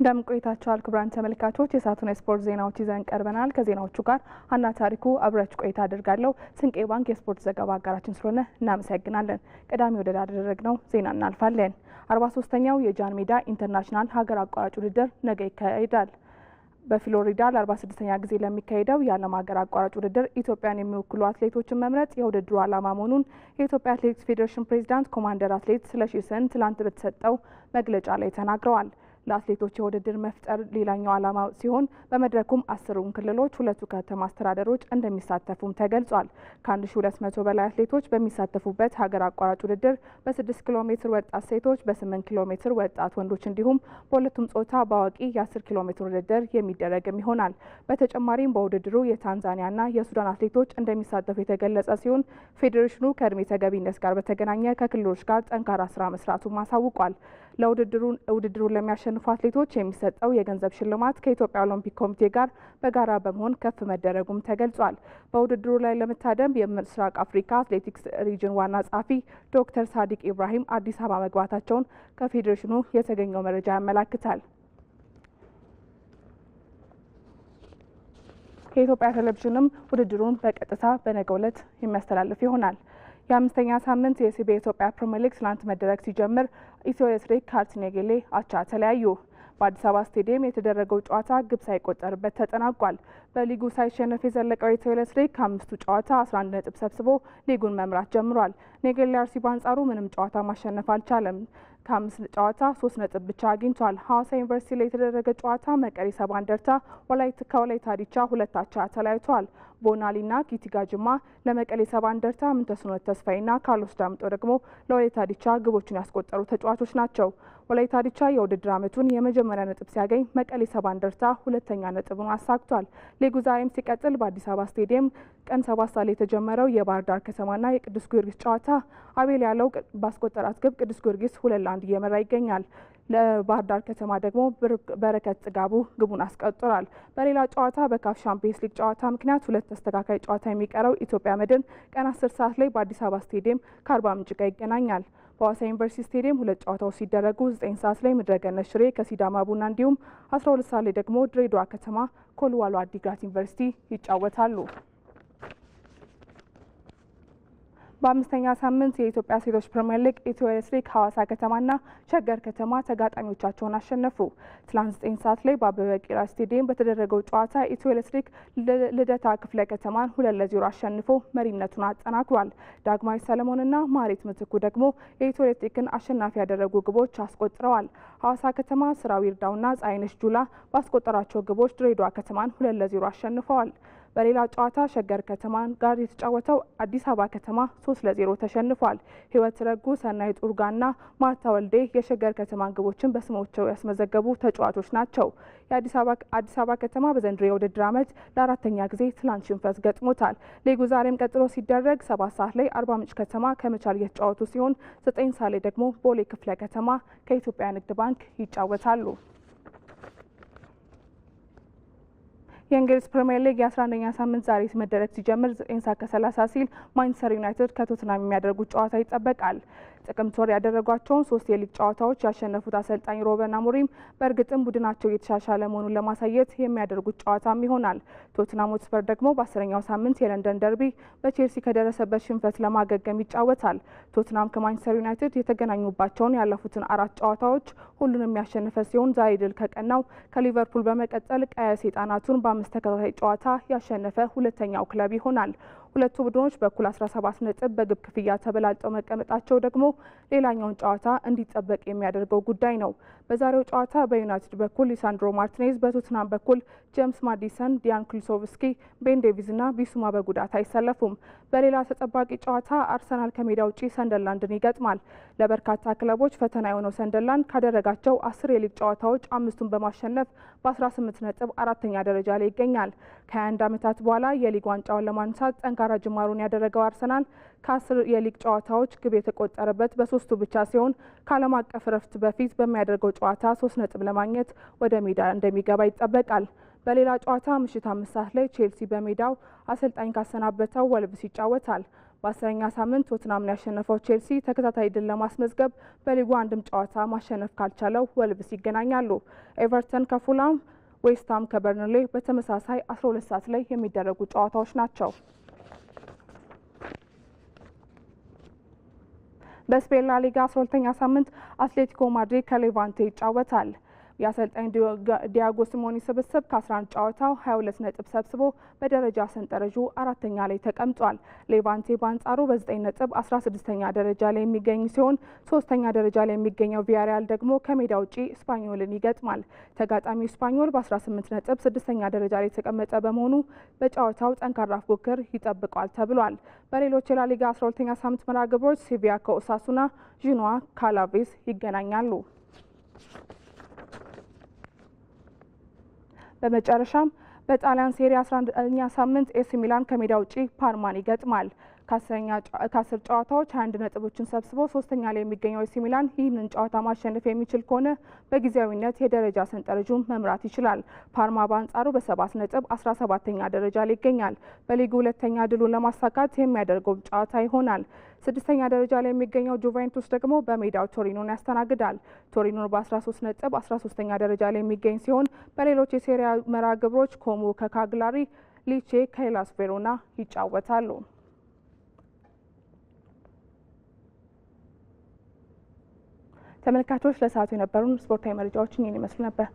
እንደምን ቆይታችኋል ክቡራን ተመልካቾች፣ የሰዓቱን የስፖርት ዜናዎች ይዘን ቀርበናል። ከዜናዎቹ ጋር ሀና ታሪኩ አብረች ቆይታ አድርጋለሁ። ስንቄ ባንክ የስፖርት ዘገባ አጋራችን ስለሆነ እናመሰግናለን። ቀዳሚ ወደዳ ዜና እናልፋለን። አርባ ሶስተኛው የጃን ሜዳ ኢንተርናሽናል ሀገር አቋራጭ ውድድር ነገ ይካሄዳል። በፍሎሪዳ ለአርባ ስድስተኛ ጊዜ ለሚካሄደው የዓለም ሀገር አቋራጭ ውድድር ኢትዮጵያን የሚወክሉ አትሌቶችን መምረጥ የውድድሩ ዓላማ መሆኑን የኢትዮጵያ አትሌቲክስ ፌዴሬሽን ፕሬዚዳንት ኮማንደር አትሌት ስለሺ ስህን ትላንት በተሰጠው መግለጫ ላይ ተናግረዋል። ለአትሌቶች የውድድር መፍጠር ሌላኛው ዓላማ ሲሆን በመድረኩም አስሩም ክልሎች ሁለቱ ከተማ አስተዳደሮች እንደሚሳተፉም ተገልጿል። ከ1200 በላይ አትሌቶች በሚሳተፉበት ሀገር አቋራጭ ውድድር በ6 ኪሎ ሜትር ወጣት ሴቶች፣ በ8 ኪሎ ሜትር ወጣት ወንዶች እንዲሁም በሁለቱም ጾታ በአዋቂ የ10 ኪሎ ሜትር ውድድር የሚደረግም ይሆናል። በተጨማሪም በውድድሩ የታንዛኒያና የሱዳን አትሌቶች እንደሚሳተፉ የተገለጸ ሲሆን ፌዴሬሽኑ ከእድሜ ተገቢነት ጋር በተገናኘ ከክልሎች ጋር ጠንካራ ስራ መስራቱም አሳውቋል። ለውድድሩን ለሚያሸንፉ አትሌቶች የሚሰጠው የገንዘብ ሽልማት ከኢትዮጵያ ኦሎምፒክ ኮሚቴ ጋር በጋራ በመሆን ከፍ መደረጉም ተገልጿል። በውድድሩ ላይ ለመታደም የምስራቅ አፍሪካ አትሌቲክስ ሪጅን ዋና ጸሐፊ ዶክተር ሳዲቅ ኢብራሂም አዲስ አበባ መግባታቸውን ከፌዴሬሽኑ የተገኘው መረጃ ያመላክታል። ከኢትዮጵያ ቴሌቪዥንም ውድድሩን በቀጥታ በነገው ዕለት የሚያስተላልፍ ይሆናል። የአምስተኛ ሳምንት የሲቢ ኢትዮጵያ ፕሪምየር ሊግ ትናንት መደረግ ሲጀምር ኢትዮ ኤሌክትሪክ ካርቲኔጌሌ አቻ ተለያዩ። በአዲስ አበባ ስቴዲየም የተደረገው ጨዋታ ግብ ሳይቆጠርበት ተጠናቋል። በሊጉ ሳይሸነፍ የዘለቀው ኢትዮ ኤሌክትሪክ ከአምስቱ ጨዋታ 11 ነጥብ ሰብስቦ ሊጉን መምራት ጀምሯል። ኔጌሌ አርሲ በአንጻሩ ምንም ጨዋታ ማሸነፍ አልቻለም። ከአምስት ጨዋታ ሶስት ነጥብ ብቻ አግኝቷል። ሀዋሳ ዩኒቨርሲቲ ላይ የተደረገ ጨዋታ መቀሌ ሰባ እንደርታ ከወላይታ ዲቻ ሁለት አቻ ተለያይተዋል። ቦናሊና ኪቲጋ ጅማ ለመቀሌ ሰባ እንደርታ፣ ምንተስኖት ተስፋዬና ካርሎስ ዳምጦ ደግሞ ለወላይታ ዲቻ ግቦችን ያስቆጠሩ ተጫዋቾች ናቸው። ወላይታ ዲቻ የውድድር ዓመቱን የመጀመሪያ ነጥብ ሲያገኝ መቀሌ ሰባ እንደርታ ሁለተኛ ነጥቡን አሳክቷል። ሊጉ ዛሬም ሲቀጥል በአዲስ አበባ ስቴዲየም ቀን ሰባት ሳል ላይ የተጀመረው የባህር ዳር ከተማና የቅዱስ ጊዮርጊስ ጨዋታ አቤል ያለው ባስቆጠራት ግብ ቅዱስ ጊዮርጊስ ሁለት ለአንድ እየመራ ይገኛል። ለባህር ዳር ከተማ ደግሞ በረከት ጥጋቡ ግቡን አስቆጥሯል። በሌላ ጨዋታ በካፍ ሻምፒየንስ ሊግ ጨዋታ ምክንያት ሁለት ተስተካካይ ጨዋታ የሚቀረው ኢትዮጵያ መድን ቀን 10 ሰዓት ላይ በአዲስ አበባ ስቴዲየም ከአርባ ምንጭ ጋር ይገናኛል። በሀዋሳ ዩኒቨርሲቲ ስቴዲየም ሁለት ጨዋታዎች ሲደረጉ 9 ሰዓት ላይ ምድረገነት ሽሬ ከሲዳማ ቡና እንዲሁም 12 ሰዓት ላይ ደግሞ ድሬዳዋ ከተማ ኮልዋሎ አዲግራት ዩኒቨርሲቲ ይጫወታሉ። በአምስተኛ ሳምንት የኢትዮጵያ ሴቶች ፕሪምየር ሊግ ኢትዮ ኤሌክትሪክ ሐዋሳ ከተማና ሸገር ከተማ ተጋጣሚዎቻቸውን አሸነፉ። ትላንት ዘጠኝ ሰዓት ላይ በአበበ ቂራ ስቴዲየም በተደረገው ጨዋታ ኢትዮ ኤሌክትሪክ ልደታ ክፍለ ከተማን ሁለት ለዜሮ አሸንፎ መሪነቱን አጠናክሯል። ዳግማዊ ሰለሞንና ማሬት ምትኩ ደግሞ የኢትዮ ኤሌክትሪክን አሸናፊ ያደረጉ ግቦች አስቆጥረዋል። ሀዋሳ ከተማ ስራዊ እርዳውና ጻይነሽ ጁላ ባስቆጠሯቸው ግቦች ድሬዳዋ ከተማን ሁለት ለዜሮ አሸንፈዋል። በሌላ ጨዋታ ሸገር ከተማ ጋር የተጫወተው አዲስ አበባ ከተማ ሶስት ለዜሮ ተሸንፏል። ህይወት ረጉ፣ ሰናይ ጡርጋና ማርታ ወልዴ የሸገር ከተማ ግቦችን በስሞቸው ያስመዘገቡ ተጫዋቾች ናቸው። የአዲስ አበባ ከተማ በዘንድሮ የውድድር ዓመት ለአራተኛ ጊዜ ትላንት ሽንፈት ገጥሞታል። ሊጉ ዛሬም ቀጥሎ ሲደረግ ሰባት ሰዓት ላይ አርባ ምንጭ ከተማ ከመቻል እየተጫወቱ ሲሆን ዘጠኝ ሰዓት ላይ ደግሞ ቦሌ ክፍለ ከተማ ከኢትዮጵያ ንግድ ባንክ ይጫወታሉ። የእንግሊዝ ፕሪምየር ሊግ የ11ኛ ሳምንት ዛሬ መደረግ ሲጀምር 9 ሰዓት ከ30 ሲል ማንቸስተር ዩናይትድ ከቶትናም የሚያደርጉት ጨዋታ ይጠበቃል። ጥቅምት ወር ያደረጓቸውን ሶስት የሊግ ጨዋታዎች ያሸነፉት አሰልጣኝ ሮበን አሞሪም በእርግጥም ቡድናቸው እየተሻሻለ መሆኑን ለማሳየት የሚያደርጉት ጨዋታም ይሆናል። ቶትናም ሆትስፐር ደግሞ በአስረኛው ሳምንት የለንደን ደርቢ በቼልሲ ከደረሰበት ሽንፈት ለማገገም ይጫወታል። ቶትናም ከማንቸስተር ዩናይትድ የተገናኙባቸውን ያለፉትን አራት ጨዋታዎች ሁሉንም ያሸነፈ ሲሆን ዛሬ ድል ከቀናው ከሊቨርፑል በመቀጠል ቀያ ሰይጣናቱን በአምስት ተከታታይ ጨዋታ ያሸነፈ ሁለተኛው ክለብ ይሆናል። ሁለቱ ቡድኖች በኩል 17 ነጥብ በግብ ክፍያ ተበላልጠው መቀመጣቸው ደግሞ ሌላኛውን ጨዋታ እንዲጠበቅ የሚያደርገው ጉዳይ ነው። በዛሬው ጨዋታ በዩናይትድ በኩል ሊሳንድሮ ማርቲኔዝ፣ በቶትናም በኩል ጄምስ ማዲሰን፣ ዲያን ክሪሶቭስኪ ቤን ዴቪዝ ና ቢሱማ በጉዳት አይሰለፉም። በሌላ ተጠባቂ ጨዋታ አርሰናል ከሜዳ ውጪ ሰንደርላንድን ይገጥማል። ለበርካታ ክለቦች ፈተና የሆነው ሰንደርላንድ ካደረጋቸው አስር የሊግ ጨዋታዎች አምስቱን በማሸነፍ በ18 ነጥብ አራተኛ ደረጃ ላይ ይገኛል። ከ21 ዓመታት በኋላ የሊግ ዋንጫውን ለማንሳት ጠንካራ ጅማሮን ያደረገው አርሰናል ከአስር የሊግ ጨዋታዎች ግብ የተቆጠረበት በሶስቱ ብቻ ሲሆን ከዓለም አቀፍ ረፍት በፊት በሚያደርገው ጨዋታ ሶስት ነጥብ ለማግኘት ወደ ሜዳ እንደሚገባ ይጠበቃል። በሌላ ጨዋታ ምሽት አምስት ሰዓት ላይ ቼልሲ በሜዳው አሰልጣኝ ካሰናበተው ወልብስ ይጫወታል። በአስረኛ ሳምንት ቶትናምን ያሸነፈው ቼልሲ ተከታታይ ድል ለማስመዝገብ በሊጉ አንድም ጨዋታ ማሸነፍ ካልቻለው ወልብስ ይገናኛሉ። ኤቨርተን ከፉላም ዌስትሃም ከበርንሌ በተመሳሳይ 12 ሰዓት ላይ የሚደረጉ ጨዋታዎች ናቸው። በስፔን ላሊጋ 12 ሁለተኛ ሳምንት አትሌቲኮ ማድሪድ ከሌቫንቴ ይጫወታል። የአሰልጣኝ ዲያጎ ሲሞኒ ስብስብ ከ11 ጨዋታው 22 ነጥብ ሰብስቦ በደረጃ ሰንጠረዡ አራተኛ ላይ ተቀምጧል። ሌቫንቴ በአንጻሩ በ9 ነጥብ 16ኛ ደረጃ ላይ የሚገኝ ሲሆን ሶስተኛ ደረጃ ላይ የሚገኘው ቪያሪያል ደግሞ ከሜዳ ውጪ ስፓኞልን ይገጥማል። ተጋጣሚው ስፓኞል በ18 ነጥብ 6ኛ ደረጃ ላይ የተቀመጠ በመሆኑ በጨዋታው ጠንካራ ፉክክር ይጠብቋል ተብሏል። በሌሎች የላሊጋ 12ኛ ሳምንት መርሃ ግብሮች ሲቪያ ከኦሳሱና ዥኗ ካላቬስ ይገናኛሉ። በመጨረሻም በጣሊያን ሴሪ 11ኛ ሳምንት ኤሲ ሚላን ከሜዳ ውጪ ፓርማን ይገጥማል። ከአስር ጨዋታዎች አንድ ነጥቦችን ሰብስቦ ሶስተኛ ላይ የሚገኘው ኤሲ ሚላን ይህንን ጨዋታ ማሸነፍ የሚችል ከሆነ በጊዜያዊነት የደረጃ ሰንጠረዡን መምራት ይችላል። ፓርማ በአንጻሩ በሰባት ነጥብ አስራ ሰባተኛ ደረጃ ላይ ይገኛል። በሊጉ ሁለተኛ ድሉን ለማሳካት የሚያደርገው ጨዋታ ይሆናል። ስድስተኛ ደረጃ ላይ የሚገኘው ጁቬንቱስ ደግሞ በሜዳው ቶሪኖን ያስተናግዳል። ቶሪኖን በ13 ነጥብ 13ኛ ደረጃ ላይ የሚገኝ ሲሆን በሌሎች የሴሪያ መራ ግብሮች ኮሞ ከካግላሪ፣ ሊቼ ከሄላስ ቬሮና ይጫወታሉ። ተመልካቾች ለሰዓቱ የነበሩን ስፖርታዊ መረጃዎችን ይህን ይመስሉ ነበር።